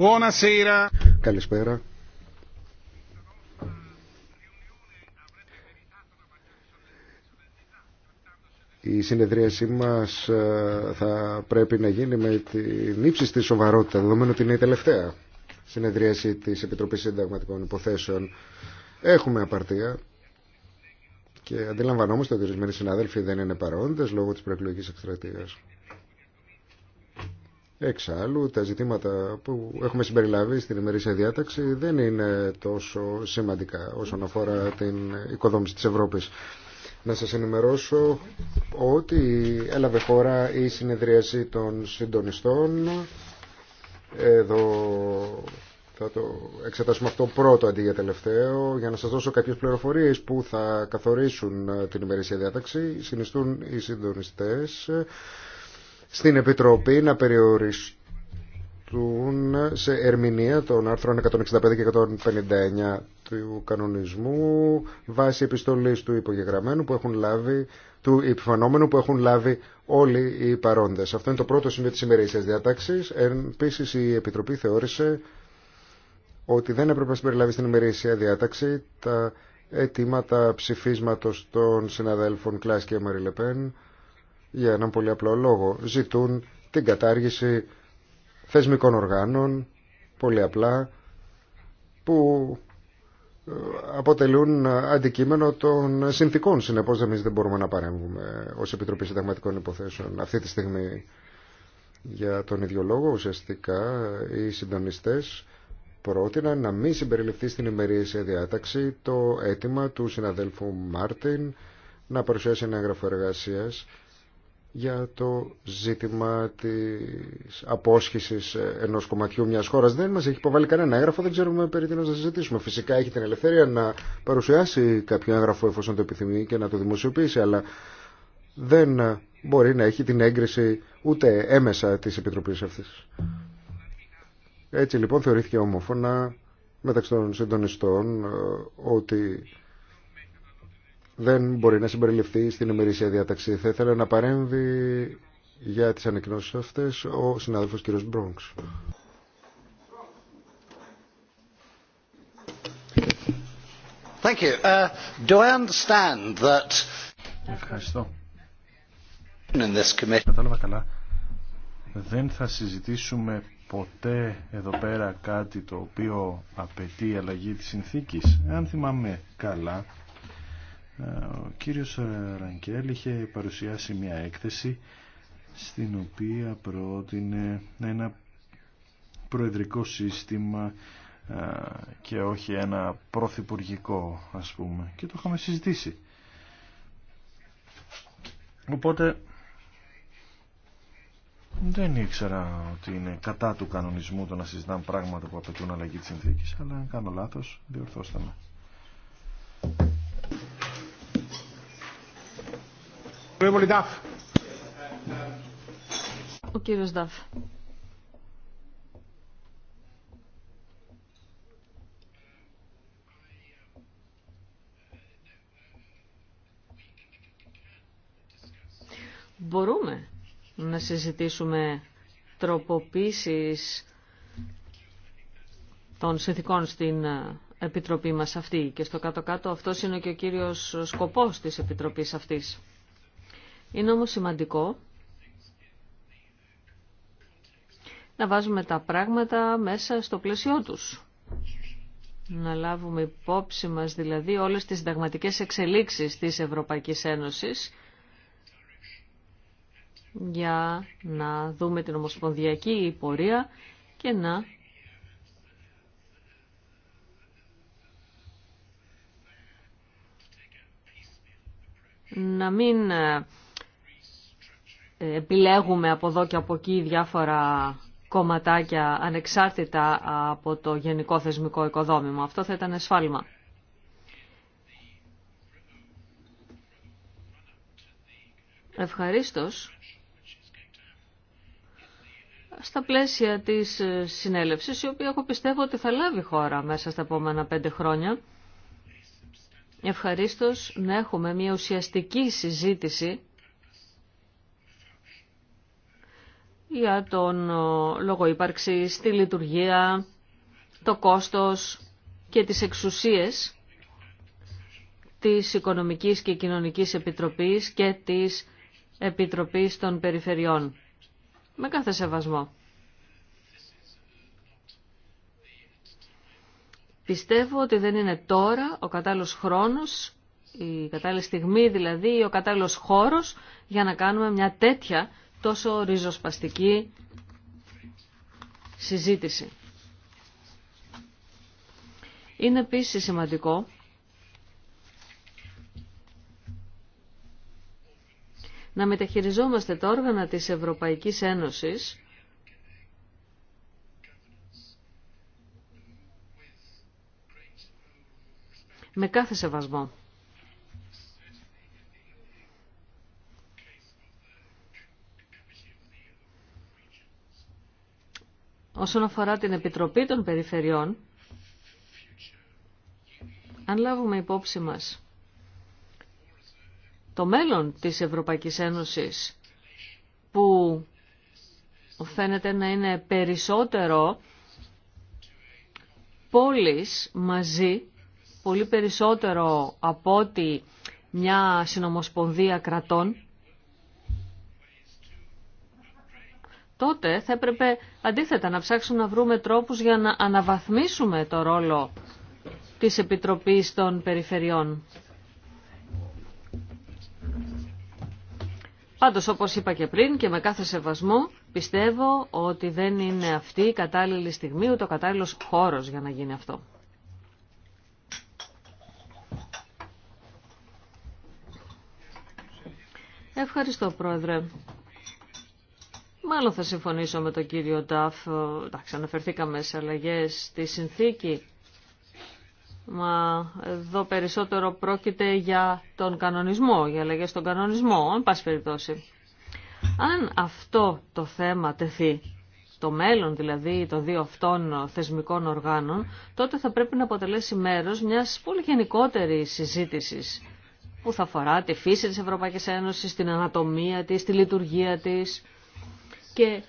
Buonasera. Καλησπέρα. Η συνεδρίασή μας ε, θα πρέπει να γίνει με την ύψιστη σοβαρότητα, δεδομένου ότι είναι η τελευταία συνεδρίαση της Επιτροπής Συνταγματικών Υποθέσεων. Έχουμε απαρτία και αντιλαμβανόμαστε ότι ορισμένοι συνάδελφοι δεν είναι παρόντες λόγω της προεκλογικής εκστρατείας. Εξάλλου, τα ζητήματα που έχουμε συμπεριλάβει στην ημερήσια διάταξη δεν είναι τόσο σημαντικά όσον αφορά την οικοδόμηση της Ευρώπης. Να σας ενημερώσω ότι έλαβε χώρα η συνεδρίαση των συντονιστών. Εδώ θα το εξετάσουμε αυτό πρώτο αντί για τελευταίο για να σας δώσω κάποιες πληροφορίες που θα καθορίσουν την ημερήσια διάταξη. Συνιστούν οι συντονιστές στην Επιτροπή να περιοριστούν σε ερμηνεία των άρθρων 165 και 159 του κανονισμού βάσει επιστολής του υπογεγραμμένου που έχουν λάβει του επιφανόμενου που έχουν λάβει όλοι οι παρόντες. Αυτό είναι το πρώτο σημείο της ημερήσιας διάταξης. Επίση η Επιτροπή θεώρησε ότι δεν έπρεπε να συμπεριλάβει στην ημερήσια διάταξη τα αιτήματα ψηφίσματος των συναδέλφων Κλάς και Μαριλεπέν για έναν πολύ απλό λόγο. Ζητούν την κατάργηση θεσμικών οργάνων, πολύ απλά, που ε, αποτελούν αντικείμενο των συνθήκων. Συνεπώς εμεί δεν μπορούμε να παρέμβουμε ως Επιτροπή Συνταγματικών Υποθέσεων αυτή τη στιγμή. Για τον ίδιο λόγο ουσιαστικά οι συντονιστές πρότειναν να μην συμπεριληφθεί στην ημερήσια διάταξη το αίτημα του συναδέλφου Μάρτιν να παρουσιάσει ένα έγγραφο εργασίας για το ζήτημα της απόσχησης ενός κομματιού μιας χώρας. Δεν μας έχει υποβάλει κανένα έγγραφο, δεν ξέρουμε περί τι να συζητήσουμε. Φυσικά έχει την ελευθερία να παρουσιάσει κάποιο έγγραφο εφόσον το επιθυμεί και να το δημοσιοποιήσει, αλλά δεν μπορεί να έχει την έγκριση ούτε έμεσα της Επιτροπής αυτής. Έτσι λοιπόν θεωρήθηκε ομόφωνα μεταξύ των συντονιστών ε, ότι δεν μπορεί να συμπεριληφθεί στην ημερήσια διάταξη. Θα ήθελα να παρέμβει για τις ανακοινώσεις αυτές ο συνάδελφος κ. Μπρόγκς. Ευχαριστώ. Κατάλαβα καλά. Δεν θα συζητήσουμε ποτέ εδώ πέρα κάτι το οποίο απαιτεί αλλαγή της συνθήκης. Αν θυμάμαι καλά, ε, ο κύριος ε, Ρανκέλ είχε παρουσιάσει μια έκθεση στην οποία πρότεινε ένα προεδρικό σύστημα ε, και όχι ένα πρωθυπουργικό ας πούμε και το είχαμε συζητήσει οπότε δεν ήξερα ότι είναι κατά του κανονισμού το να συζητάμε πράγματα που απαιτούν αλλαγή της συνθήκης αλλά αν κάνω λάθος διορθώστε με Ο κύριος Δάφ. Μπορούμε να συζητήσουμε τροποποίησεις των συνθηκών στην ε, Επιτροπή μας αυτή και στο κάτω-κάτω αυτός είναι και ο κύριος σκοπός της Επιτροπής αυτής. Είναι όμως σημαντικό να βάζουμε τα πράγματα μέσα στο πλαίσιο τους. Να λάβουμε υπόψη μας δηλαδή όλες τις συνταγματικές εξελίξεις της Ευρωπαϊκής Ένωσης για να δούμε την ομοσπονδιακή πορεία και να να μην ε, επιλέγουμε από εδώ και από εκεί διάφορα κομματάκια ανεξάρτητα από το γενικό θεσμικό οικοδόμημα. Αυτό θα ήταν εσφάλμα. Ευχαρίστως. Στα πλαίσια της συνέλευσης, η οποία έχω πιστεύω ότι θα λάβει χώρα μέσα στα επόμενα πέντε χρόνια, ευχαρίστως να έχουμε μια ουσιαστική συζήτηση για τον ε, λόγο ύπαρξης, τη λειτουργία, το κόστος και τις εξουσίες της Οικονομικής και Κοινωνικής Επιτροπής και της Επιτροπής των Περιφερειών. Με κάθε σεβασμό. Πιστεύω ότι δεν είναι τώρα ο κατάλληλος χρόνος, η κατάλληλη στιγμή δηλαδή, ο κατάλληλος χώρος για να κάνουμε μια τέτοια τόσο ριζοσπαστική συζήτηση. Είναι επίση σημαντικό να μεταχειριζόμαστε τα όργανα της Ευρωπαϊκής Ένωσης με κάθε σεβασμό. Όσον αφορά την Επιτροπή των Περιφερειών, αν λάβουμε υπόψη μας το μέλλον της Ευρωπαϊκής Ένωσης που φαίνεται να είναι περισσότερο πόλεις μαζί, πολύ περισσότερο από ότι μια συνομοσπονδία κρατών, τότε θα έπρεπε αντίθετα να ψάξουμε να βρούμε τρόπους για να αναβαθμίσουμε το ρόλο της Επιτροπής των Περιφερειών. Πάντως, όπως είπα και πριν και με κάθε σεβασμό, πιστεύω ότι δεν είναι αυτή η κατάλληλη στιγμή ούτε ο κατάλληλος χώρος για να γίνει αυτό. Ευχαριστώ, Πρόεδρε. Μάλλον θα συμφωνήσω με τον κύριο Νταφ. Εντάξει, αναφερθήκαμε σε αλλαγέ στη συνθήκη. Μα εδώ περισσότερο πρόκειται για τον κανονισμό, για αλλαγέ στον κανονισμό, αν πάση περιπτώσει. Αν αυτό το θέμα τεθεί, το μέλλον δηλαδή των δύο αυτών θεσμικών οργάνων, τότε θα πρέπει να αποτελέσει μέρος μιας πολύ γενικότερη συζήτησης που θα αφορά τη φύση της Ευρωπαϊκής Ένωσης, την ανατομία της, τη λειτουργία της, και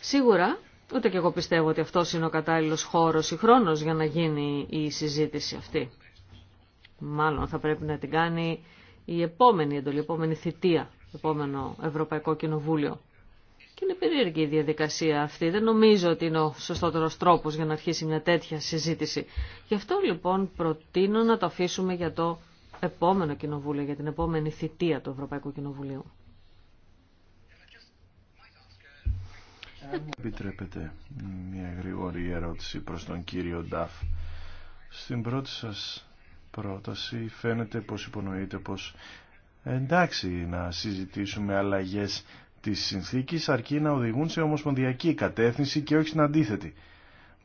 σίγουρα ούτε και εγώ πιστεύω ότι αυτό είναι ο κατάλληλος χώρος ή χρόνος για να γίνει η συζήτηση αυτή. Μάλλον θα πρέπει να την κάνει η επόμενη εντολή, η επόμενη θητεία, το επόμενο Ευρωπαϊκό Κοινοβούλιο. Και είναι περίεργη η διαδικασία αυτή. Δεν νομίζω ότι είναι ο σωστότερος τρόπος για να αρχίσει μια τέτοια συζήτηση. Γι' αυτό λοιπόν προτείνω να το αφήσουμε για το επόμενο κοινοβούλιο, για την επόμενη θητεία του Ευρωπαϊκού Κοινοβουλίου. Επιτρέπετε μια γρήγορη ερώτηση προς τον κύριο Νταφ. Στην πρώτη σας πρόταση φαίνεται πως υπονοείτε πως εντάξει να συζητήσουμε αλλαγές της συνθήκης αρκεί να οδηγούν σε ομοσπονδιακή κατεύθυνση και όχι στην αντίθετη.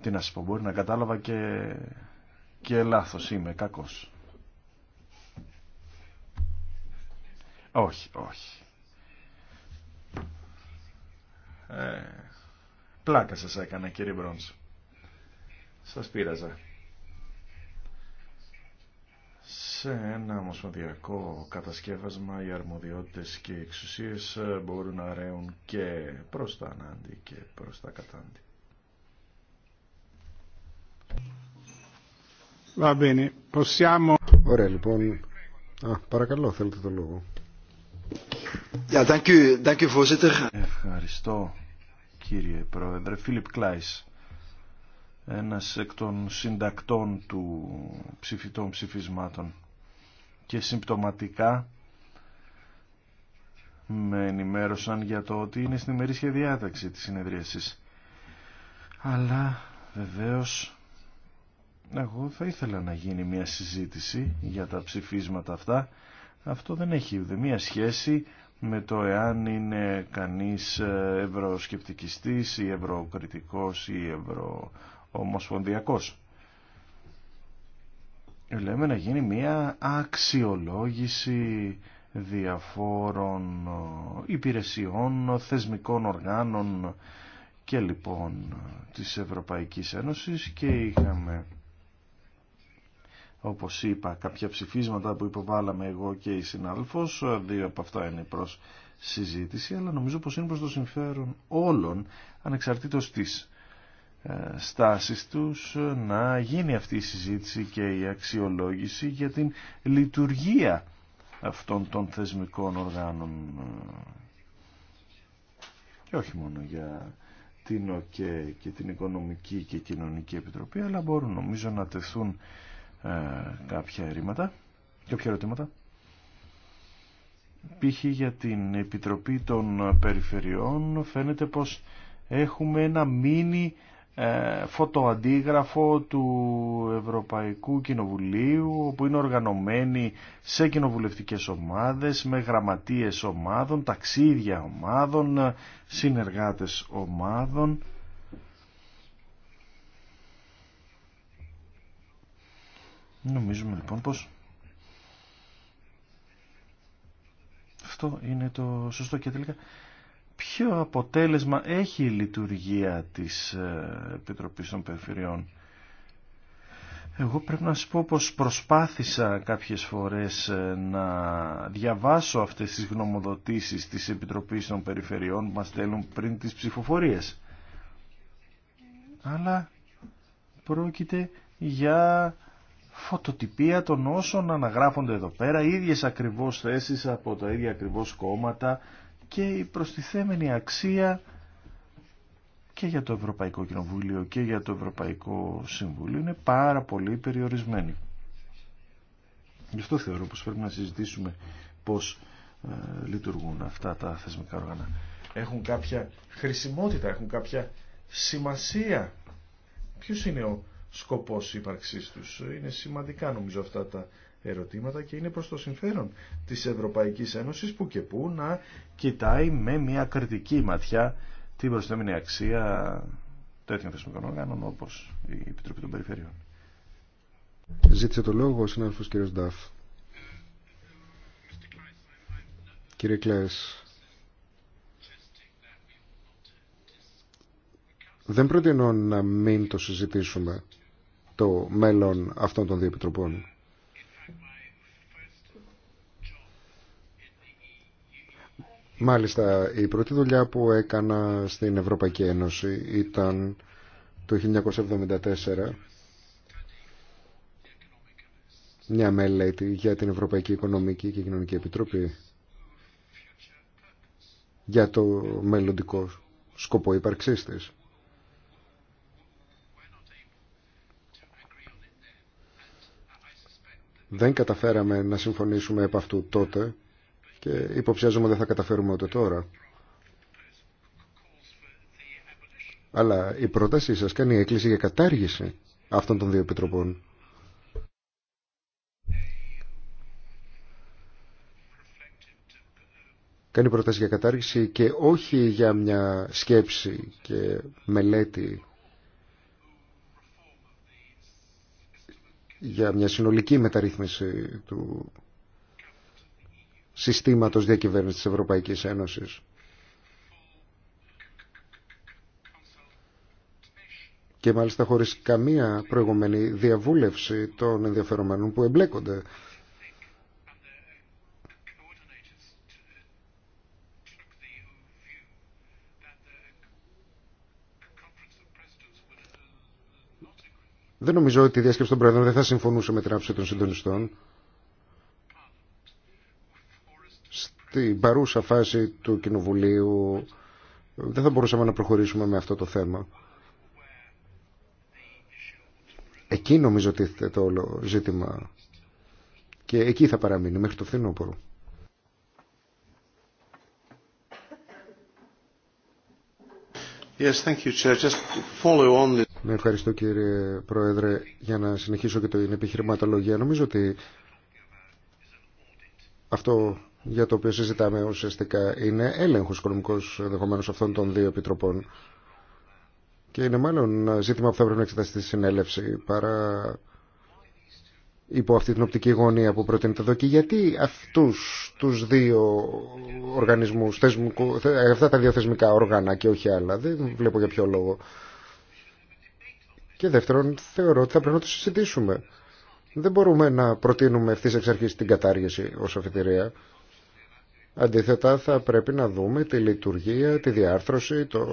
Τι να σα πω, μπορεί να κατάλαβα και, και λάθος είμαι, κακός. Όχι, όχι. Ε, Πλάκα σας έκανα κύριε Μπρόντς. Σας πείραζα. Σε ένα ομοσπονδιακό κατασκεύασμα οι αρμοδιότητες και οι εξουσίες ε, μπορούν να ρέουν και προς τα ανάντι και προς τα κατάντι. Va bene, possiamo... Ωραία λοιπόν. Α, παρακαλώ, θέλετε το λόγο. Ευχαριστώ κύριε Πρόεδρε. Φίλιπ Κλάις, ένας εκ των συντακτών του ψηφιτών ψηφισμάτων και συμπτωματικά με ενημέρωσαν για το ότι είναι στην ημερήσια διάταξη της συνεδρίασης. Αλλά βεβαίως εγώ θα ήθελα να γίνει μια συζήτηση για τα ψηφίσματα αυτά. Αυτό δεν έχει ούτε μία σχέση με το εάν είναι κανείς ε, ευρωσκεπτικιστής ή ευρωκριτικός ή ευρωομοσπονδιακός. Λέμε να γίνει μια αξιολόγηση διαφόρων ε, υπηρεσιών, θεσμικών οργάνων και λοιπόν της Ευρωπαϊκής Ένωσης και είχαμε όπως είπα, κάποια ψηφίσματα που υποβάλαμε εγώ και η συνάδελφος, δύο από αυτά είναι προς συζήτηση, αλλά νομίζω πως είναι προς το συμφέρον όλων, ανεξαρτήτως της ε, στάσης τους, να γίνει αυτή η συζήτηση και η αξιολόγηση για την λειτουργία αυτών των θεσμικών οργάνων και όχι μόνο για την ΟΚΕ και την Οικονομική και Κοινωνική Επιτροπή, αλλά μπορούν νομίζω να τεθούν ε, κάποια ερήματα, κάποια ερωτήματα. Π.χ. για την Επιτροπή των Περιφερειών φαίνεται πως έχουμε ένα μίνι ε, φωτοαντίγραφο του Ευρωπαϊκού Κοινοβουλίου που είναι οργανωμένοι σε κοινοβουλευτικές ομάδες με γραμματείες ομάδων, ταξίδια ομάδων συνεργάτες ομάδων Νομίζουμε λοιπόν πως αυτό είναι το σωστό και τελικά ποιο αποτέλεσμα έχει η λειτουργία της ε, Επιτροπής των Περιφερειών. Εγώ πρέπει να σας πω πως προσπάθησα κάποιες φορές ε, να διαβάσω αυτές τις γνωμοδοτήσεις της Επιτροπής των Περιφερειών που μας στέλνουν πριν τις ψηφοφορίες. Αλλά πρόκειται για φωτοτυπία των όσων αναγράφονται εδώ πέρα, ίδιες ακριβώς θέσεις από τα ίδια ακριβώς κόμματα και η προστιθέμενη αξία και για το Ευρωπαϊκό Κοινοβούλιο και για το Ευρωπαϊκό Συμβούλιο είναι πάρα πολύ περιορισμένη. Γι' αυτό θεωρώ πως πρέπει να συζητήσουμε πώς ε, λειτουργούν αυτά τα θεσμικά όργανα. Έχουν κάποια χρησιμότητα, έχουν κάποια σημασία. Ποιος είναι ο σκοπός ύπαρξής τους. Είναι σημαντικά νομίζω αυτά τα ερωτήματα και είναι προς το συμφέρον της Ευρωπαϊκής Ένωσης που και που να κοιτάει με μια κριτική ματιά την προσθέμενη αξία τέτοιων θεσμικών όργανων όπως η Επιτροπή των Περιφερειών. Ζήτησε το λόγο ο συνάδελφος Νταφ. Κύριε Κλέες, δεν προτείνω να μην το συζητήσουμε το μέλλον αυτών των δύο επιτροπών. Μάλιστα, η πρώτη δουλειά που έκανα στην Ευρωπαϊκή Ένωση ήταν το 1974 μια μελέτη για την Ευρωπαϊκή Οικονομική και Κοινωνική Επιτροπή για το μελλοντικό σκοπό ύπαρξής της. Δεν καταφέραμε να συμφωνήσουμε επ' αυτού τότε και υποψιάζομαι δεν θα καταφέρουμε ούτε τώρα. Αλλά η πρότασή σας κάνει έκκληση για κατάργηση αυτών των δύο επιτροπών. Κάνει πρόταση για κατάργηση και όχι για μια σκέψη και μελέτη για μια συνολική μεταρρύθμιση του συστήματος διακυβέρνησης της Ευρωπαϊκής Ένωσης. Και μάλιστα χωρίς καμία προηγούμενη διαβούλευση των ενδιαφερομένων που εμπλέκονται Δεν νομίζω ότι η διάσκεψη των Προεδρών δεν θα συμφωνούσε με την άποψη των συντονιστών. Στην παρούσα φάση του Κοινοβουλίου δεν θα μπορούσαμε να προχωρήσουμε με αυτό το θέμα. Εκεί νομίζω ότι το όλο ζήτημα και εκεί θα παραμείνει μέχρι το φθινόπωρο. Yes, thank you, Chair. Just follow on με ναι, ευχαριστώ κύριε Πρόεδρε για να συνεχίσω και την επιχειρηματολογία. Νομίζω ότι αυτό για το οποίο συζητάμε ουσιαστικά είναι έλεγχος οικονομικός ενδεχομένως αυτών των δύο επιτροπών και είναι μάλλον ζήτημα που θα πρέπει να εξεταστεί στη συνέλευση παρά υπό αυτή την οπτική γωνία που προτείνεται εδώ και γιατί αυτούς τους δύο οργανισμούς, θεσμικού, αυτά τα δύο θεσμικά όργανα και όχι άλλα, δεν βλέπω για ποιο λόγο. Και δεύτερον, θεωρώ ότι θα πρέπει να το συζητήσουμε. Δεν μπορούμε να προτείνουμε ευθύ εξ αρχή την κατάργηση ω αφιτηρία. Αντίθετα, θα πρέπει να δούμε τη λειτουργία, τη διάρθρωση, το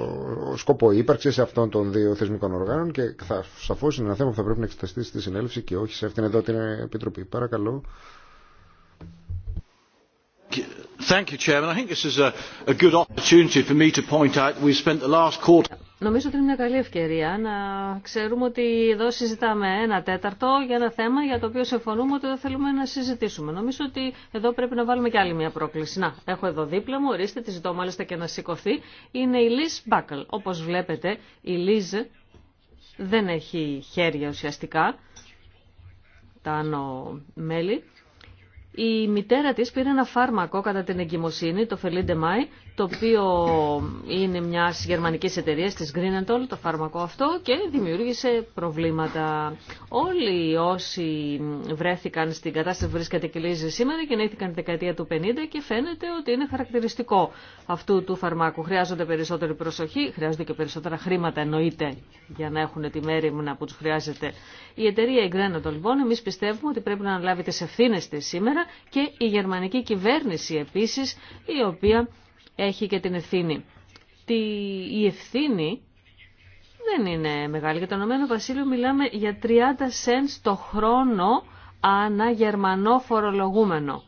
σκοπό ύπαρξη αυτών των δύο θεσμικών οργάνων και θα, σαφώς είναι ένα θέμα που θα πρέπει να εξεταστεί στη συνέλευση και όχι σε αυτήν εδώ την Επιτροπή. Παρακαλώ. Thank you, Chairman. I think this is a, a good opportunity for me to point out we spent the last quarter. Νομίζω ότι είναι μια καλή ευκαιρία να ξέρουμε ότι εδώ συζητάμε ένα τέταρτο για ένα θέμα για το οποίο συμφωνούμε ότι δεν θέλουμε να συζητήσουμε. Νομίζω ότι εδώ πρέπει να βάλουμε και άλλη μια πρόκληση. Να, έχω εδώ δίπλα μου, ορίστε, τη ζητώ μάλιστα και να σηκωθεί. Είναι η Λίζ Μπάκλ. Όπως βλέπετε, η Λίζ δεν έχει χέρια ουσιαστικά, τα άνω μέλη. Η μητέρα της πήρε ένα φάρμακο κατά την εγκυμοσύνη, το Φελίντε Μάι το οποίο είναι μια γερμανική εταιρεία της Greenenthal, το φάρμακο αυτό, και δημιούργησε προβλήματα. Όλοι όσοι βρέθηκαν στην κατάσταση που βρίσκεται και λύζει σήμερα γεννήθηκαν τη δεκαετία του 50 και φαίνεται ότι είναι χαρακτηριστικό αυτού του φαρμάκου. Χρειάζονται περισσότερη προσοχή, χρειάζονται και περισσότερα χρήματα εννοείται για να έχουν τη μέρη που του χρειάζεται. Η εταιρεία Greenenthal λοιπόν, εμεί πιστεύουμε ότι πρέπει να αναλάβει τι ευθύνε τη σήμερα και η γερμανική κυβέρνηση επίση, η οποία έχει και την ευθύνη. Τι, η ευθύνη δεν είναι μεγάλη. Για το Ηνωμένο Βασίλειο μιλάμε για 30 cents το χρόνο ανά γερμανό φορολογούμενο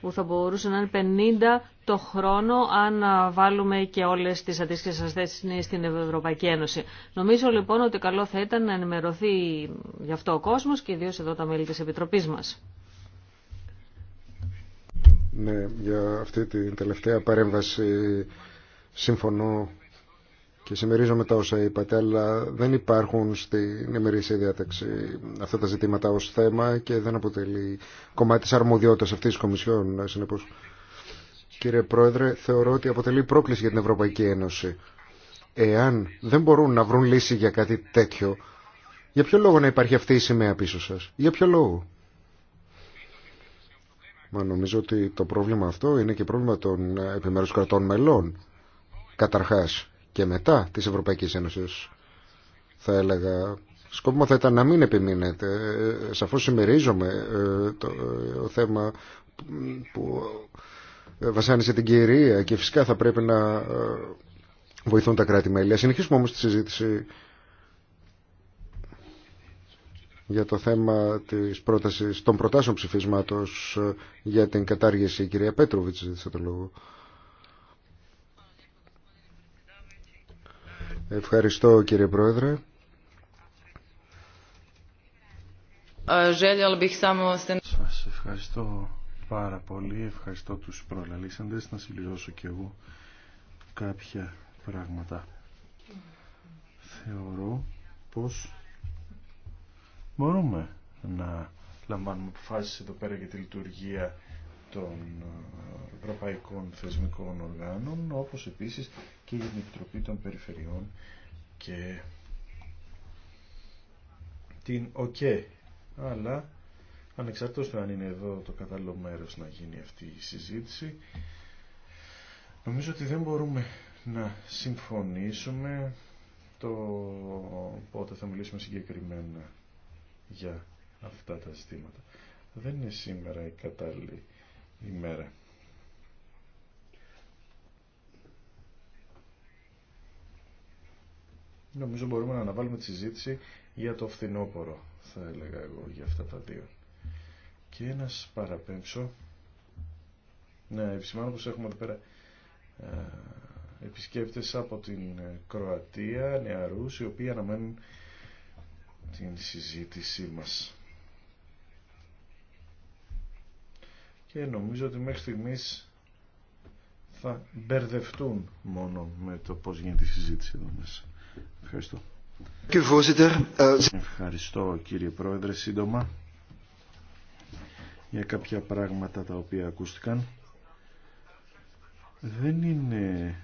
που θα μπορούσε να είναι 50 το χρόνο αν βάλουμε και όλες τις αντίστοιχες ασθέσεις στην Ευρωπαϊκή Ένωση. Νομίζω λοιπόν ότι καλό θα ήταν να ενημερωθεί γι' αυτό ο κόσμος και ιδίως εδώ τα μέλη της Επιτροπής μας. Ναι, για αυτή την τελευταία παρέμβαση συμφωνώ και συμμερίζομαι τα όσα είπατε, αλλά δεν υπάρχουν στην ημερήσια διάταξη αυτά τα ζητήματα ως θέμα και δεν αποτελεί κομμάτι της αρμοδιότητας αυτής της Κομισιόν, Κύριε Πρόεδρε, θεωρώ ότι αποτελεί πρόκληση για την Ευρωπαϊκή Ένωση. Εάν δεν μπορούν να βρουν λύση για κάτι τέτοιο, για ποιο λόγο να υπάρχει αυτή η σημαία πίσω σας, για ποιο λόγο. Μα νομίζω ότι το πρόβλημα αυτό είναι και πρόβλημα των επιμέρους κρατών μελών. Καταρχάς και μετά της Ευρωπαϊκής Ένωσης θα έλεγα σκόπιμο θα ήταν να μην επιμείνετε. Σαφώς συμμερίζομαι ε, το ε, θέμα που ε, βασάνισε την κυρία και φυσικά θα πρέπει να βοηθούν τα κράτη-μέλη. Συνεχίσουμε όμως τη συζήτηση για το θέμα της πρότασης, των προτάσεων ψηφίσματος ε, για την κατάργηση. κυρία Πέτροβιτς ζήτησε το λόγο. Ευχαριστώ κύριε Πρόεδρε. Ε, Σας ευχαριστώ πάρα πολύ. Ευχαριστώ τους προλαλήσαντες. Να συμπληρώσω και εγώ κάποια πράγματα. Θεωρώ πως μπορούμε να λαμβάνουμε αποφάσεις εδώ πέρα για τη λειτουργία των ε, ευρωπαϊκών θεσμικών οργάνων, όπως επίσης και για την Επιτροπή των Περιφερειών και την ΟΚΕ. Αλλά ανεξαρτώς του αν είναι εδώ το κατάλληλο μέρος να γίνει αυτή η συζήτηση, νομίζω ότι δεν μπορούμε να συμφωνήσουμε το πότε θα μιλήσουμε συγκεκριμένα για αυτά τα ζητήματα. Δεν είναι σήμερα η κατάλληλη ημέρα. Νομίζω μπορούμε να αναβάλουμε τη συζήτηση για το φθινόπωρο, θα έλεγα εγώ, για αυτά τα δύο. Και να σας παραπέμψω, να επισημάνω πως έχουμε εδώ πέρα επισκέπτες από την Κροατία, νεαρούς, οι οποίοι αναμένουν την συζήτησή μας. Και νομίζω ότι μέχρι στιγμής θα μπερδευτούν μόνο με το πώς γίνεται η συζήτηση εδώ μέσα. Ευχαριστώ. Ε, Ευχαριστώ κύριε Πρόεδρε σύντομα για κάποια πράγματα τα οποία ακούστηκαν. Δεν είναι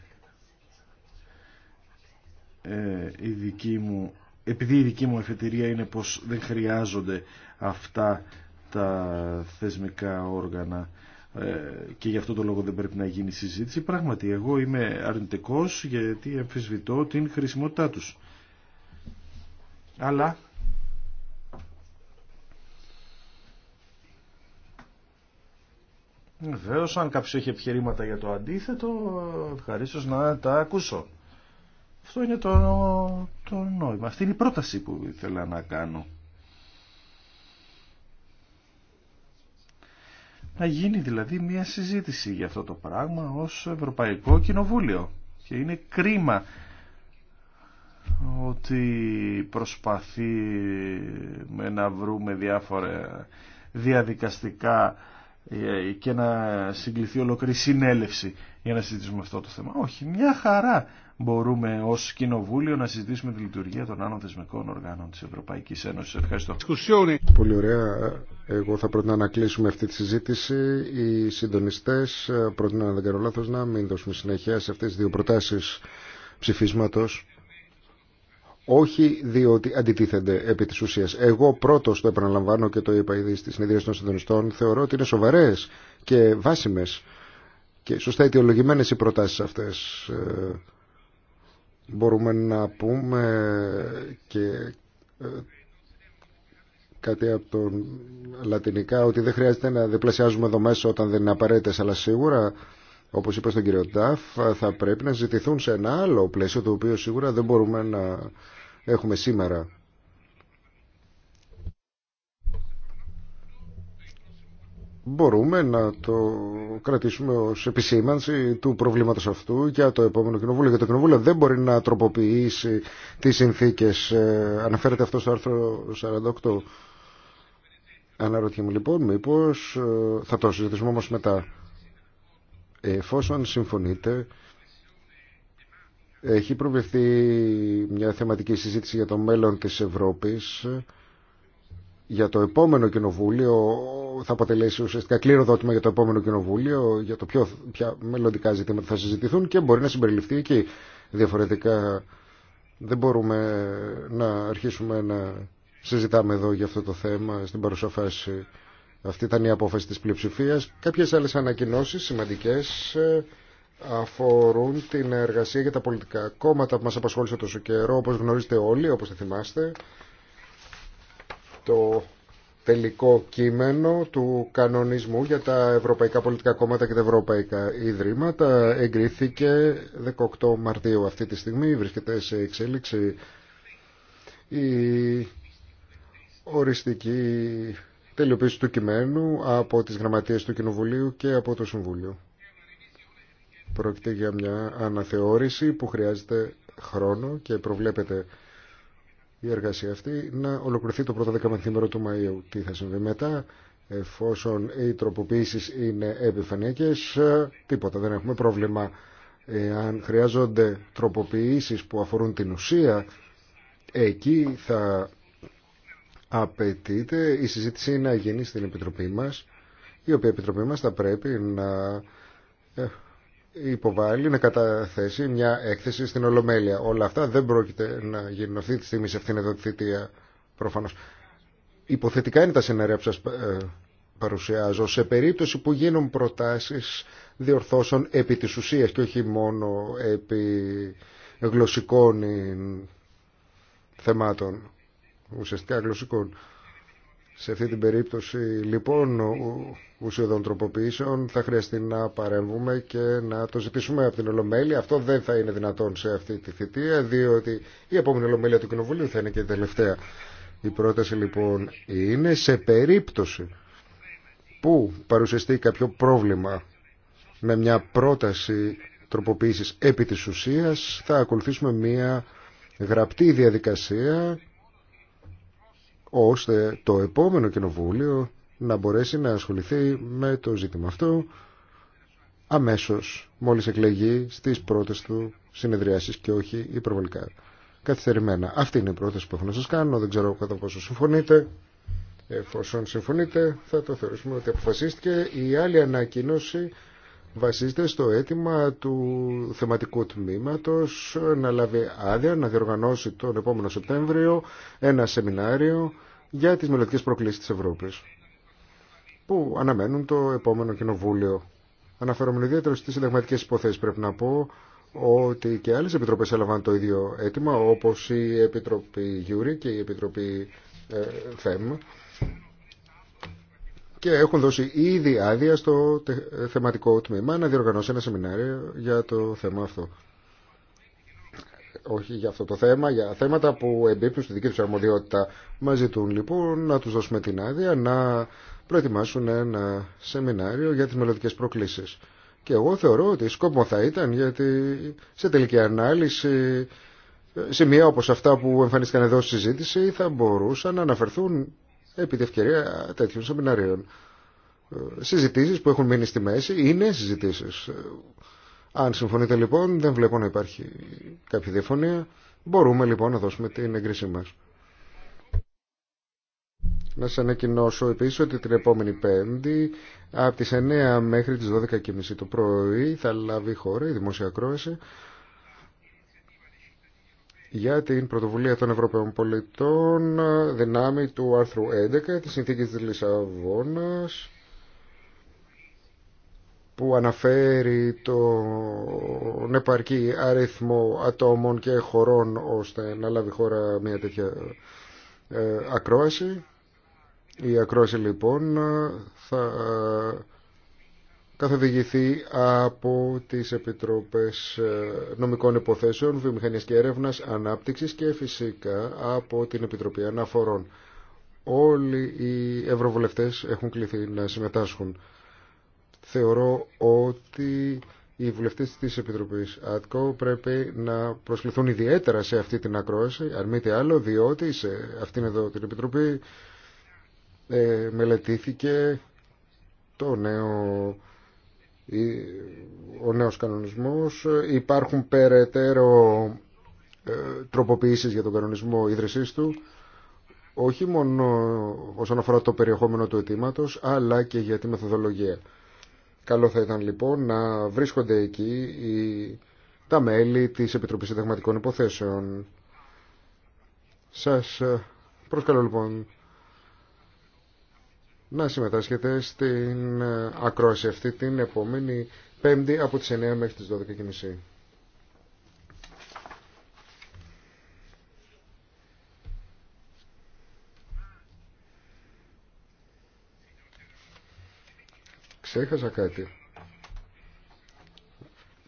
ε, η δική μου επειδή η δική μου εφετηρία είναι πως δεν χρειάζονται αυτά τα θεσμικά όργανα ε, και γι' αυτό το λόγο δεν πρέπει να γίνει συζήτηση. Πράγματι, εγώ είμαι αρνητικός γιατί εμφισβητώ την χρησιμότητά τους. Αλλά Βεβαίω, αν κάποιο έχει επιχειρήματα για το αντίθετο, ευχαρίστω να τα ακούσω. Αυτό είναι το, το νόημα. Αυτή είναι η πρόταση που ήθελα να κάνω. Να γίνει δηλαδή μια συζήτηση για αυτό το πράγμα ως Ευρωπαϊκό Κοινοβούλιο. Και είναι κρίμα ότι προσπαθεί να βρούμε διάφορα διαδικαστικά ε, και να συγκληθεί ολόκληρη συνέλευση για να συζητήσουμε αυτό το θέμα. Όχι, μια χαρά μπορούμε ως Κοινοβούλιο να συζητήσουμε τη λειτουργία των άνω θεσμικών οργάνων της Ευρωπαϊκής Ένωσης. Ευχαριστώ. Πολύ ωραία. Εγώ θα πρότεινα να κλείσουμε αυτή τη συζήτηση. Οι συντονιστές ε, πρότεινα να δεν κάνω λάθος να μην δώσουμε συνέχεια σε αυτές τις δύο προτάσεις ψηφίσματος όχι διότι αντιτίθενται επί της ουσίας. Εγώ πρώτος το επαναλαμβάνω και το είπα ήδη στις συνεδρίες των συντονιστών, θεωρώ ότι είναι σοβαρές και βάσιμες και σωστά αιτιολογημένες οι προτάσεις αυτές. Ε, μπορούμε να πούμε και ε, κάτι από τον λατινικά ότι δεν χρειάζεται να διπλασιάζουμε μέσα όταν δεν είναι απαραίτητε, αλλά σίγουρα, όπως είπα στον κύριο Νταφ, θα πρέπει να ζητηθούν σε ένα άλλο πλαίσιο το οποίο σίγουρα δεν μπορούμε να έχουμε σήμερα. Μπορούμε να το κρατήσουμε ως επισήμανση του προβλήματος αυτού για το επόμενο κοινοβούλιο. Γιατί το κοινοβούλιο δεν μπορεί να τροποποιήσει τις συνθήκες. Ε, αναφέρεται αυτό στο άρθρο 48. Αναρωτιέμαι λοιπόν μήπως ε, θα το συζητήσουμε όμως μετά. Εφόσον συμφωνείτε έχει προβληθεί μια θεματική συζήτηση για το μέλλον της Ευρώπης για το επόμενο κοινοβούλιο θα αποτελέσει ουσιαστικά δότημα για το επόμενο κοινοβούλιο για το ποιο, ποια μελλοντικά ζητήματα θα συζητηθούν και μπορεί να συμπεριληφθεί εκεί διαφορετικά δεν μπορούμε να αρχίσουμε να συζητάμε εδώ για αυτό το θέμα στην παρουσία φάση αυτή ήταν η απόφαση της πλειοψηφίας κάποιες άλλες ανακοινώσεις σημαντικές αφορούν την εργασία για τα πολιτικά κόμματα που μας απασχόλησε τόσο καιρό, όπως γνωρίζετε όλοι, όπως θα θυμάστε. Το τελικό κείμενο του κανονισμού για τα ευρωπαϊκά πολιτικά κόμματα και τα ευρωπαϊκά ιδρύματα εγκρίθηκε 18 Μαρτίου αυτή τη στιγμή, βρίσκεται σε εξέλιξη η οριστική τελειοποίηση του κειμένου από τις γραμματείες του Κοινοβουλίου και από το Συμβούλιο. Πρόκειται για μια αναθεώρηση που χρειάζεται χρόνο και προβλέπεται η εργασία αυτή να ολοκληρωθεί το πρώτο δεκαμεθήμερο του Μαΐου. Τι θα συμβεί μετά, εφόσον οι τροποποιήσεις είναι επιφανειακές, τίποτα, δεν έχουμε πρόβλημα. Αν χρειάζονται τροποποιήσεις που αφορούν την ουσία, εκεί θα απαιτείται η συζήτηση να γίνει στην Επιτροπή μας, η οποία Επιτροπή μας θα πρέπει να ε, υποβάλει να καταθέσει μια έκθεση στην Ολομέλεια. Όλα αυτά δεν πρόκειται να γίνουν αυτή τη στιγμή σε αυτήν εδώ τη θητεία προφανώ. Υποθετικά είναι τα σενάρια που σας ε, παρουσιάζω σε περίπτωση που γίνουν προτάσεις διορθώσεων επί τη ουσία και όχι μόνο επί γλωσσικών ε, θεμάτων, ουσιαστικά γλωσσικών. Σε αυτή την περίπτωση λοιπόν ουσιοδών τροποποιήσεων θα χρειαστεί να παρέμβουμε και να το ζητήσουμε από την Ολομέλεια. Αυτό δεν θα είναι δυνατόν σε αυτή τη θητεία διότι η επόμενη Ολομέλεια του Κοινοβουλίου θα είναι και η τελευταία. Η πρόταση λοιπόν είναι σε περίπτωση που παρουσιαστεί κάποιο πρόβλημα με μια πρόταση τροποποίησης επί της ουσίας θα ακολουθήσουμε μια γραπτή διαδικασία ώστε το επόμενο κοινοβούλιο να μπορέσει να ασχοληθεί με το ζήτημα αυτό αμέσως μόλις εκλεγεί στις πρώτες του συνεδριάσεις και όχι υπερβολικά καθυστερημένα. Αυτή είναι η πρόταση που έχω να σας κάνω, δεν ξέρω κατά πόσο συμφωνείτε. Εφόσον συμφωνείτε θα το θεωρήσουμε ότι αποφασίστηκε η άλλη ανακοίνωση βασίζεται στο αίτημα του θεματικού τμήματος να λάβει άδεια, να διοργανώσει τον επόμενο Σεπτέμβριο ένα σεμινάριο για τις μελλοντικές προκλήσεις της Ευρώπης που αναμένουν το επόμενο κοινοβούλιο. Αναφέρομαι ιδιαίτερα στις συνταγματικές υποθέσεις πρέπει να πω ότι και άλλες επιτροπές έλαβαν το ίδιο αίτημα όπως η Επιτροπή Γιούρη και η Επιτροπή ε, ΦΕΜ και έχουν δώσει ήδη άδεια στο θεματικό τμήμα να διοργανώσει ένα σεμινάριο για το θέμα αυτό. Όχι για αυτό το θέμα, για θέματα που εμπίπτουν στη δική του αρμοδιότητα. Μα ζητούν λοιπόν να τους δώσουμε την άδεια να προετοιμάσουν ένα σεμινάριο για τις μελλοντικέ προκλήσεις. Και εγώ θεωρώ ότι σκόπιμο θα ήταν γιατί σε τελική ανάλυση ε, σημεία όπως αυτά που εμφανίστηκαν εδώ στη συζήτηση θα μπορούσαν να αναφερθούν επί τη ευκαιρία τέτοιων σεμιναρίων. Ε, συζητήσεις που έχουν μείνει στη μέση είναι συζητήσεις. Ε, αν συμφωνείτε λοιπόν, δεν βλέπω να υπάρχει κάποια διαφωνία. Μπορούμε λοιπόν να δώσουμε την έγκρισή μα. Να σας ανακοινώσω επίσης ότι την επόμενη Πέμπτη από τις 9 μέχρι τις 12.30 το πρωί θα λάβει η χώρα η δημόσια ακρόαση για την πρωτοβουλία των Ευρωπαίων πολιτών δυνάμει του άρθρου 11 της συνθήκης της Λισαβόνας που αναφέρει τον επαρκή αριθμό ατόμων και χωρών ώστε να λάβει χώρα μια τέτοια ε, ακρόαση. Η ακρόαση λοιπόν θα καθοδηγηθεί από τις Επιτροπές ε, Νομικών Υποθέσεων, Βιομηχανίας και Έρευνας, Ανάπτυξης και φυσικά από την Επιτροπή Αναφορών. Όλοι οι ευρωβουλευτές έχουν κληθεί να συμμετάσχουν. Θεωρώ ότι οι βουλευτές της Επιτροπής ΑΤΚΟ πρέπει να προσκληθούν ιδιαίτερα σε αυτή την ακρόαση, αν τι άλλο, διότι σε αυτήν εδώ την Επιτροπή ε, μελετήθηκε το νέο ο νέος κανονισμός. Υπάρχουν περαιτέρω ε, τροποποιήσεις για τον κανονισμό ίδρυσής του, όχι μόνο όσον αφορά το περιεχόμενο του αιτήματο, αλλά και για τη μεθοδολογία. Καλό θα ήταν λοιπόν να βρίσκονται εκεί οι, τα μέλη της Επιτροπής Συνταγματικών Υποθέσεων. Σας ε, προσκαλώ λοιπόν να συμμετάσχετε στην ε, ακρόαση αυτή την επόμενη Πέμπτη από τις 9 μέχρι τις 12.30. Ξέχασα κάτι.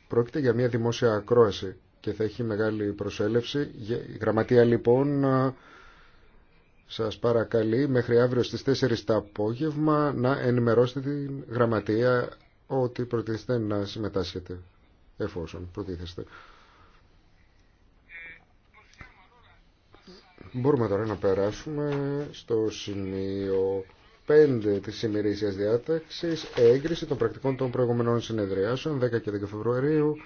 Πρόκειται για μια δημόσια ακρόαση και θα έχει μεγάλη προσέλευση. Η γραμματεία λοιπόν σας παρακαλεί μέχρι αύριο στις 4 το απόγευμα να ενημερώσετε την γραμματεία ότι προτίθεστε να συμμετάσχετε εφόσον προτίθεστε. Μπορούμε τώρα να περάσουμε στο σημείο 5 της ημερήσιας διάταξης έγκριση των πρακτικών των προηγούμενων συνεδριάσεων 10 και 10 Φεβρουαρίου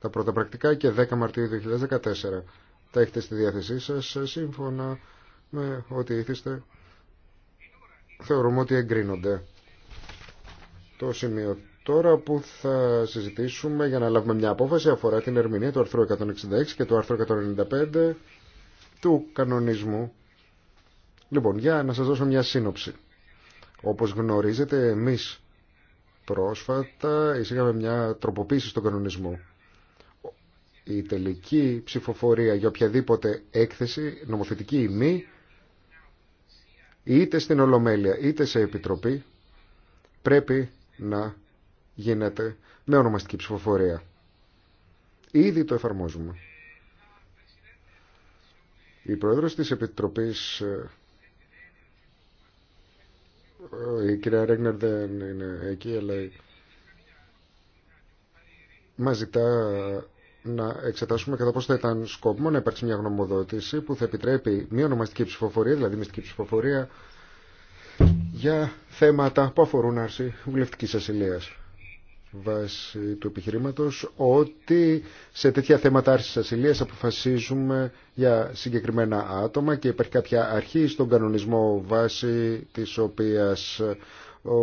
τα πρώτα πρακτικά και 10 Μαρτίου 2014. Τα έχετε στη διάθεσή σας σύμφωνα με ναι, ό,τι ήθιστε θεωρούμε ότι εγκρίνονται. Το σημείο τώρα που θα συζητήσουμε για να λάβουμε μια απόφαση αφορά την ερμηνεία του άρθρου 166 και του άρθρου 195 του κανονισμού. Λοιπόν, για να σας δώσω μια σύνοψη. Όπως γνωρίζετε, εμείς πρόσφατα εισήγαμε μια τροποποίηση στον κανονισμό. Η τελική ψηφοφορία για οποιαδήποτε έκθεση, νομοθετική ή μη, είτε στην Ολομέλεια είτε σε Επιτροπή πρέπει να γίνεται με ονομαστική ψηφοφορία. Ήδη το εφαρμόζουμε. Η Πρόεδρος της Επιτροπής, ε, ε, η κυρία Ρέγνερ δεν είναι εκεί, αλλά μας ζητά να εξετάσουμε κατά πόσο θα ήταν σκόπιμο να υπάρξει μια γνωμοδότηση που θα επιτρέπει μια ονομαστική ψηφοφορία, δηλαδή μυστική ψηφοφορία, για θέματα που αφορούν άρση βουλευτική ασυλία. Βάσει του επιχειρήματο ότι σε τέτοια θέματα άρση ασυλία αποφασίζουμε για συγκεκριμένα άτομα και υπάρχει κάποια αρχή στον κανονισμό βάση τη οποία ο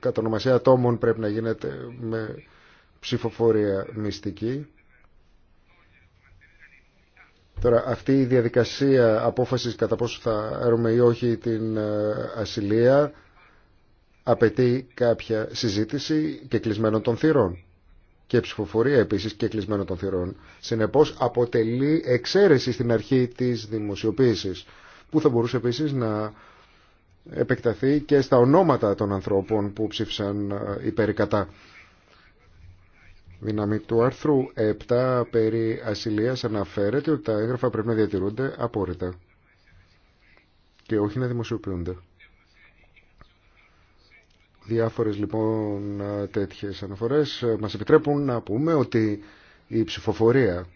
κατονομασία ατόμων πρέπει να γίνεται με ψηφοφορία μυστική. Τώρα, αυτή η διαδικασία απόφασης κατά πόσο θα έρουμε ή όχι την ε, ασυλία απαιτεί κάποια συζήτηση και κλεισμένο των θυρών και ψηφοφορία επίσης και κλεισμένο των θυρών. Συνεπώς αποτελεί εξαίρεση στην αρχή της δημοσιοποίησης που θα μπορούσε επίσης να επεκταθεί και στα ονόματα των ανθρώπων που ψήφισαν ε, υπερικατά. Δύναμη του άρθρου 7 περί ασυλίας αναφέρεται ότι τα έγγραφα πρέπει να διατηρούνται απόρριτα και όχι να δημοσιοποιούνται. Διάφορες λοιπόν τέτοιες αναφορές μας επιτρέπουν να πούμε ότι η ψηφοφορία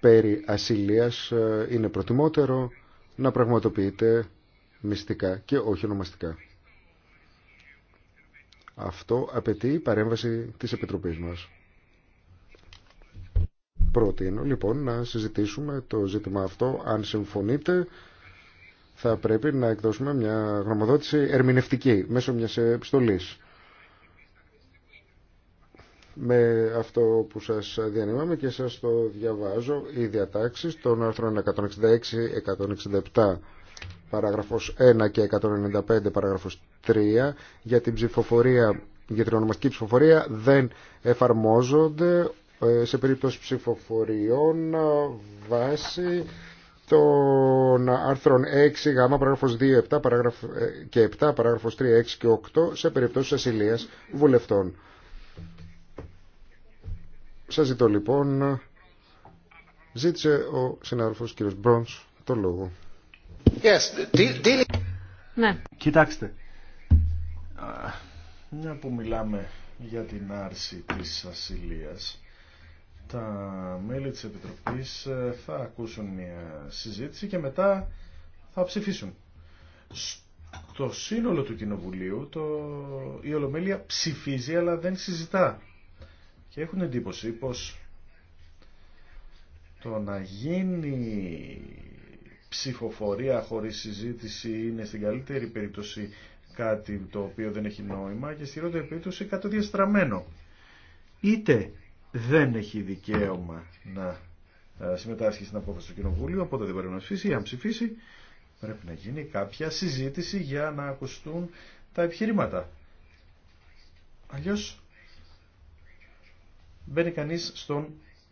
περί ασυλίας ε, είναι προτιμότερο να πραγματοποιείται μυστικά και όχι ονομαστικά. Αυτό απαιτεί παρέμβαση της Επιτροπής μας. Προτείνω λοιπόν να συζητήσουμε το ζήτημα αυτό. Αν συμφωνείτε θα πρέπει να εκδώσουμε μια γνωμοδότηση ερμηνευτική μέσω μιας επιστολής. Με αυτό που σας διανύμαμε και σας το διαβάζω, οι διατάξεις των άρθρων 166-167 παράγραφος 1 και 195 παράγραφος 3 για την ψηφοφορία για την ονομαστική ψηφοφορία δεν εφαρμόζονται ε, σε περίπτωση ψηφοφοριών ε, βάσει των άρθρων 6 γάμα παράγραφος 2 7, ε, και 7 παράγραφος 3 6 και 8 σε περίπτωση ασυλίας βουλευτών. Σας ζητώ λοιπόν ζήτησε ο συνάδελφος κ. Μπρόντς το λόγο. Yes. Ναι. Κοιτάξτε, μια που μιλάμε για την άρση της ασυλίας, τα μέλη της Επιτροπής ε, θα ακούσουν μια συζήτηση και μετά θα ψηφίσουν. Στο σύνολο του Κοινοβουλίου το... η Ολομέλεια ψηφίζει αλλά δεν συζητά. Και έχουν εντύπωση πως το να γίνει ψηφοφορία χωρίς συζήτηση είναι στην καλύτερη περίπτωση κάτι το οποίο δεν έχει νόημα και στη ρότερη περίπτωση κάτι διαστραμμένο. Είτε δεν έχει δικαίωμα να ε, συμμετάσχει στην απόφαση του Κοινοβουλίου, οπότε δεν μπορεί να ψηφίσει ή αν ψηφίσει πρέπει να γίνει κάποια συζήτηση για να ακουστούν τα επιχειρήματα. Αλλιώς μπαίνει κανείς στον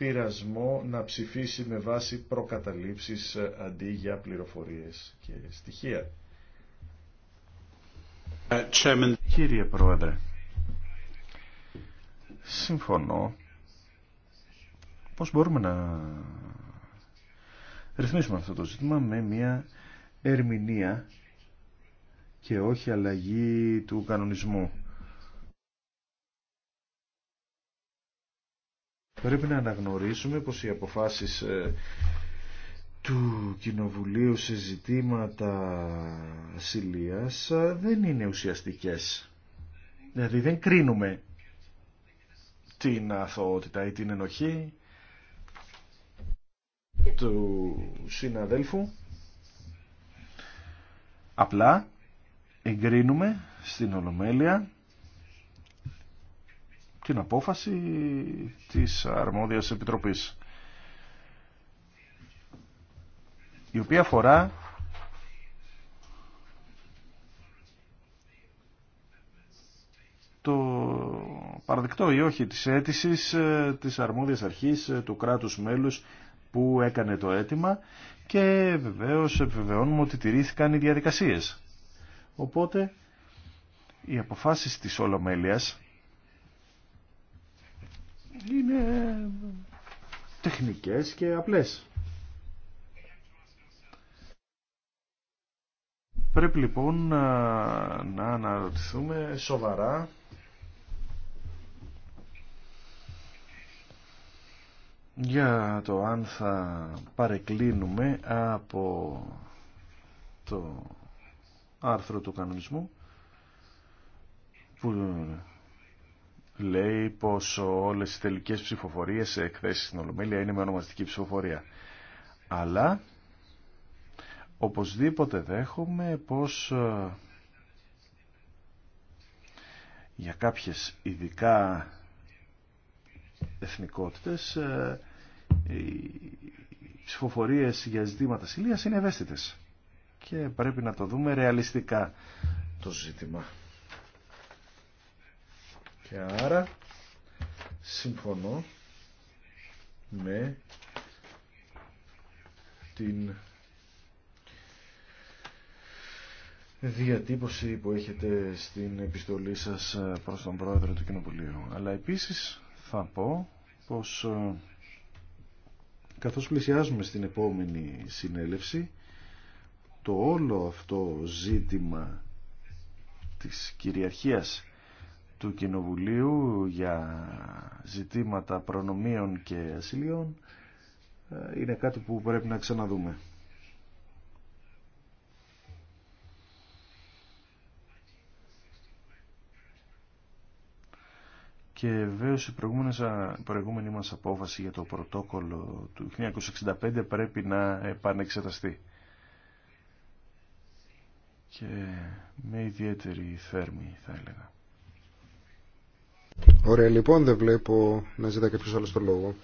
πειρασμό να ψηφίσει με βάση προκαταλήψεις ε, αντί για πληροφορίες και στοιχεία. Ε, Κύριε Πρόεδρε, συμφωνώ πώς μπορούμε να ρυθμίσουμε αυτό το ζήτημα με μια ερμηνεία και όχι αλλαγή του κανονισμού. Πρέπει να αναγνωρίσουμε πως οι αποφάσεις ε, του Κοινοβουλίου σε ζητήματα ασυλίας ε, δεν είναι ουσιαστικές. Δηλαδή δεν κρίνουμε την αθωότητα ή την ενοχή του συναδέλφου. Απλά εγκρίνουμε στην Ολομέλεια την απόφαση της αρμόδιας επιτροπής η οποία αφορά το παραδεκτό ή όχι της αίτησης ε, της αρμόδιας αρχής ε, του κράτους μέλους που έκανε το αίτημα και βεβαίως επιβεβαιώνουμε ότι τηρήθηκαν οι διαδικασίες. Οπότε οι αποφάσεις της Ολομέλειας είναι τεχνικές και απλές. Πρέπει λοιπόν να αναρωτηθούμε σοβαρά για το αν θα παρεκκλίνουμε από το άρθρο του κανονισμού που λέει πως όλες οι τελικές ψηφοφορίες σε εκθέσεις στην Ολομέλεια είναι με ονομαστική ψηφοφορία. Αλλά οπωσδήποτε δέχομαι πως ε, για κάποιες ειδικά εθνικότητες ε, οι ψηφοφορίες για ζητήματα συλλίας είναι ευαίσθητες και πρέπει να το δούμε ρεαλιστικά το ζήτημα. Και άρα συμφωνώ με την διατύπωση που έχετε στην επιστολή σας ε, προς τον πρόεδρο του Κοινοβουλίου. Αλλά επίσης θα πω πως ε, καθώς πλησιάζουμε στην επόμενη συνέλευση το όλο αυτό ζήτημα της κυριαρχίας του Κοινοβουλίου για ζητήματα προνομίων και ασυλίων ε, είναι κάτι που πρέπει να ξαναδούμε. Και βεβαίω η προηγούμενη μας απόφαση για το πρωτόκολλο του 1965 πρέπει να επανεξεταστεί. Και με ιδιαίτερη θέρμη θα έλεγα. Ωραία, λοιπόν, δεν βλέπω να ζητά κάποιο άλλο το λόγο.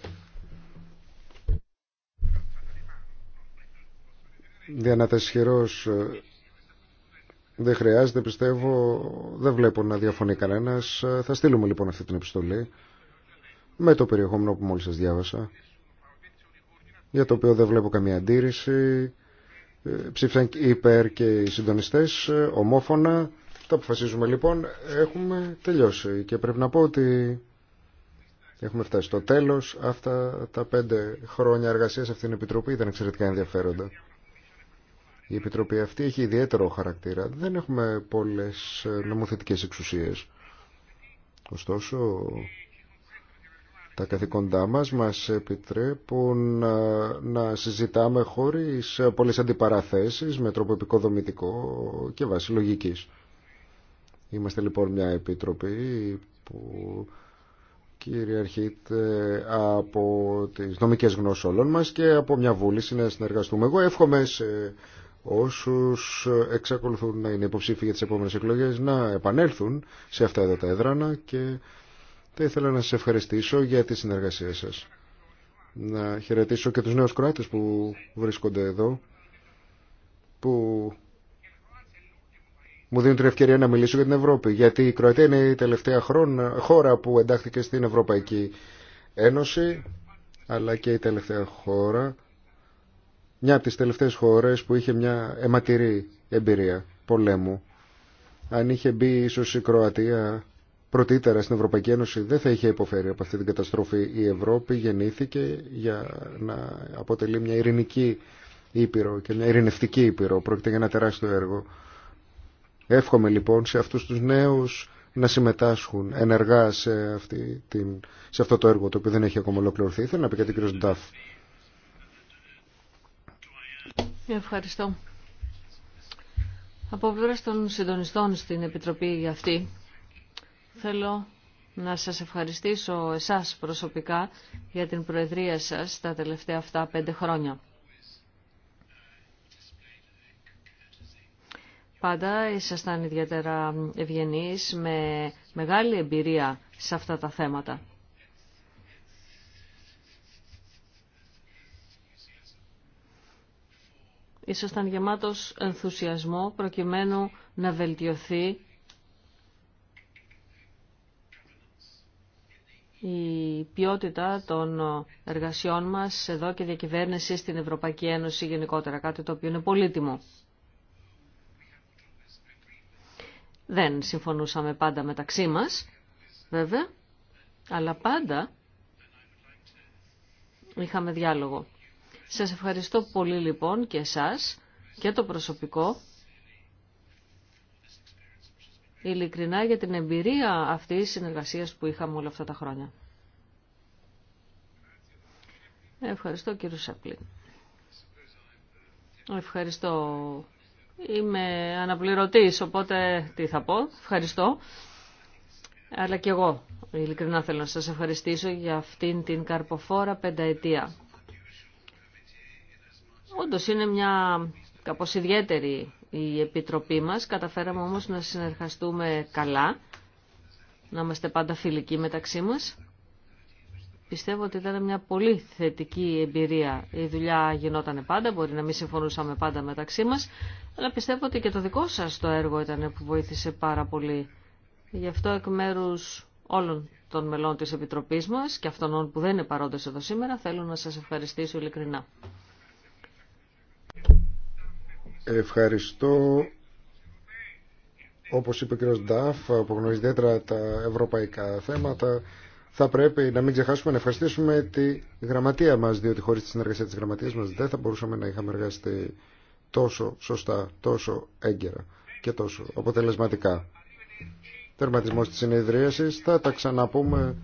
Διανατασχερό ε, δεν χρειάζεται, πιστεύω. Δεν βλέπω να διαφωνεί κανένα. Ε, θα στείλουμε λοιπόν αυτή την επιστολή με το περιεχόμενο που μόλι σα διάβασα. Για το οποίο δεν βλέπω καμία αντίρρηση. Ε, ψήφισαν υπέρ και οι συντονιστέ ομόφωνα. Τα αποφασίζουμε λοιπόν. Έχουμε τελειώσει και πρέπει να πω ότι έχουμε φτάσει στο τέλος. Αυτά τα πέντε χρόνια εργασίας αυτήν την Επιτροπή ήταν εξαιρετικά ενδιαφέροντα. Η Επιτροπή αυτή έχει ιδιαίτερο χαρακτήρα. Δεν έχουμε πολλές νομοθετικές εξουσίες. Ωστόσο, τα καθήκοντά μας μας επιτρέπουν να συζητάμε χωρίς πολλές αντιπαραθέσεις με τρόπο επικοδομητικό και βάση λογικής. Είμαστε λοιπόν μια επιτροπή που κυριαρχείται από τις νομικές γνώσεις όλων μας και από μια βούληση να συνεργαστούμε. Εγώ εύχομαι σε όσους εξακολουθούν να είναι υποψήφοι για τις επόμενες εκλογές να επανέλθουν σε αυτά εδώ τα έδρανα και θα ήθελα να σας ευχαριστήσω για τη συνεργασία σας. Να χαιρετήσω και τους νέους κράτες που βρίσκονται εδώ που μου δίνουν την ευκαιρία να μιλήσω για την Ευρώπη. Γιατί η Κροατία είναι η τελευταία χώρα που εντάχθηκε στην Ευρωπαϊκή Ένωση, αλλά και η τελευταία χώρα, μια από τις τελευταίες χώρες που είχε μια αιματηρή εμπειρία πολέμου. Αν είχε μπει ίσως η Κροατία πρωτήτερα στην Ευρωπαϊκή Ένωση, δεν θα είχε υποφέρει από αυτή την καταστροφή. Η Ευρώπη γεννήθηκε για να αποτελεί μια ειρηνική ήπειρο και μια ειρηνευτική ήπειρο. Πρόκειται για ένα τεράστιο έργο. Εύχομαι λοιπόν σε αυτούς τους νέους να συμμετάσχουν ενεργά σε, αυτή, την, σε αυτό το έργο το οποίο δεν έχει ακόμα ολοκληρωθεί. Θέλω να πει κάτι κύριος Ντάφ. Ευχαριστώ. Από πλευρά των συντονιστών στην Επιτροπή για αυτή, θέλω να σας ευχαριστήσω εσάς προσωπικά για την προεδρία σας τα τελευταία αυτά πέντε χρόνια. Πάντα ήσασταν ιδιαίτερα ευγενείς με μεγάλη εμπειρία σε αυτά τα θέματα. Ήσασταν γεμάτος ενθουσιασμό προκειμένου να βελτιωθεί η ποιότητα των εργασιών μας εδώ και διακυβέρνηση στην Ευρωπαϊκή Ένωση γενικότερα, κάτι το οποίο είναι πολύτιμο. Δεν συμφωνούσαμε πάντα μεταξύ μας, βέβαια, αλλά πάντα είχαμε διάλογο. Σας ευχαριστώ πολύ λοιπόν και εσάς και το προσωπικό ειλικρινά για την εμπειρία αυτής της συνεργασίας που είχαμε όλα αυτά τα χρόνια. Ευχαριστώ κύριο Σαπλή. Ευχαριστώ Είμαι αναπληρωτής, οπότε τι θα πω. Ευχαριστώ. Αλλά και εγώ ειλικρινά θέλω να σας ευχαριστήσω για αυτήν την καρποφόρα πενταετία. Όντω είναι μια κάπως ιδιαίτερη η Επιτροπή μας. Καταφέραμε όμως να συνεργαστούμε καλά, να είμαστε πάντα φιλικοί μεταξύ μας. Πιστεύω ότι ήταν μια πολύ θετική εμπειρία. Η δουλειά γινόταν πάντα, μπορεί να μην συμφωνούσαμε πάντα μεταξύ μας, αλλά πιστεύω ότι και το δικό σας το έργο ήταν που βοήθησε πάρα πολύ. Γι' αυτό εκ μέρου όλων των μελών της Επιτροπής μας και αυτών που δεν είναι παρόντες εδώ σήμερα, θέλω να σας ευχαριστήσω ειλικρινά. Ευχαριστώ. Όπως είπε ο κ. Νταφ, που γνωρίζει τα ευρωπαϊκά θέματα, θα πρέπει να μην ξεχάσουμε να ευχαριστήσουμε τη γραμματεία μας, διότι χωρίς τη συνεργασία της γραμματείας μας δεν θα μπορούσαμε να είχαμε εργαστεί τόσο σωστά, τόσο έγκαιρα και τόσο αποτελεσματικά. Τερματισμός της συνεδρίασης, θα τα ξαναπούμε,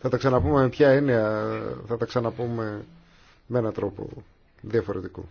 θα τα ξαναπούμε με ποια έννοια, θα τα ξαναπούμε με έναν τρόπο διαφορετικό.